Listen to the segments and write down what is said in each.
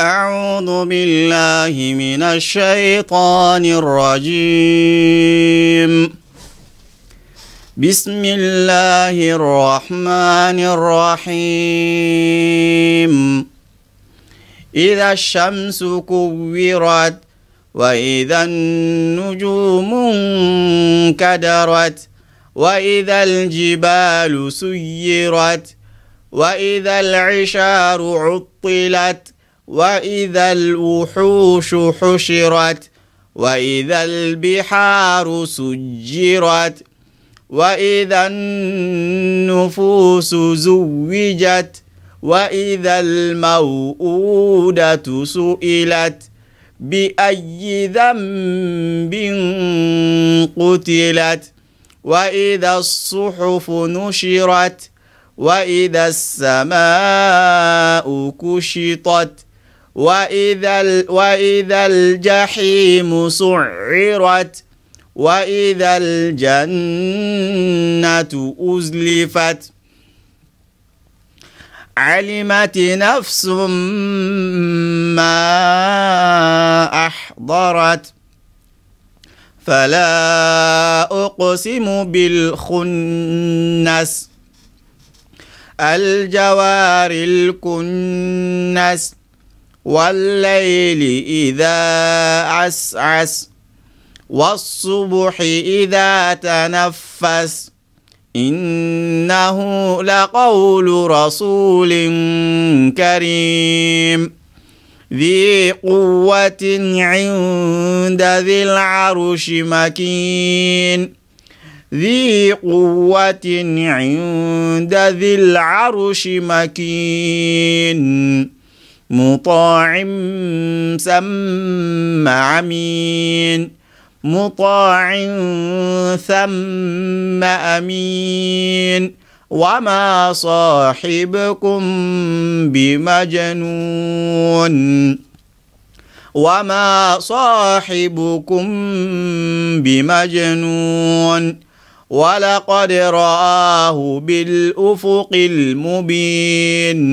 أعوذ بالله من الشيطان الرجيم بسم الله الرحمن الرحيم إذا الشمس كورت وإذا النجوم انكدرت وإذا الجبال سيرت وإذا العشار عطلت وإذا الوحوش حشرت وإذا البحار سجرت وإذا النفوس زوجت وإذا الموءودة سئلت بأي ذنب قتلت وإذا الصحف نشرت وإذا السماء كشطت وإذا وإذا الجحيم سعرت وإذا الجنة أزلفت علمت نفس ما أحضرت فلا أقسم بالخنس الجوار الكنس والليل إذا عسعس والصبح إذا تنفس إنه لقول رسول كريم ذي قوة عند ذي العرش مكين ذي قوة عند ذي العرش مكين مطاع ثم امين مطاع ثم امين وما صاحبكم بمجنون وما صاحبكم بمجنون ولقد رآه بالأفق المبين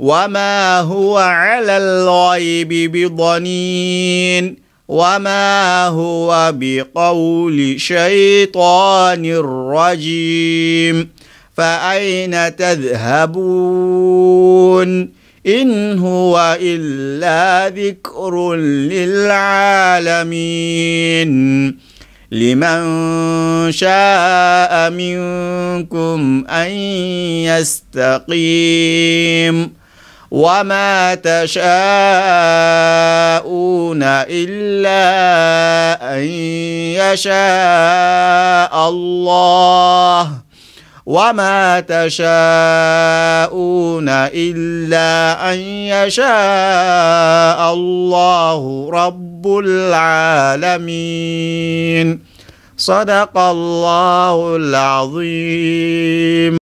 وما هو على الغيب بضنين وما هو بقول شيطان رجيم فأين تذهبون إن هو إلا ذكر للعالمين لمن شاء منكم أن يستقيم وما تشاءون إلا أن يشاء الله وما تشاءون إلا أن يشاء الله رب العالمين صدق الله العظيم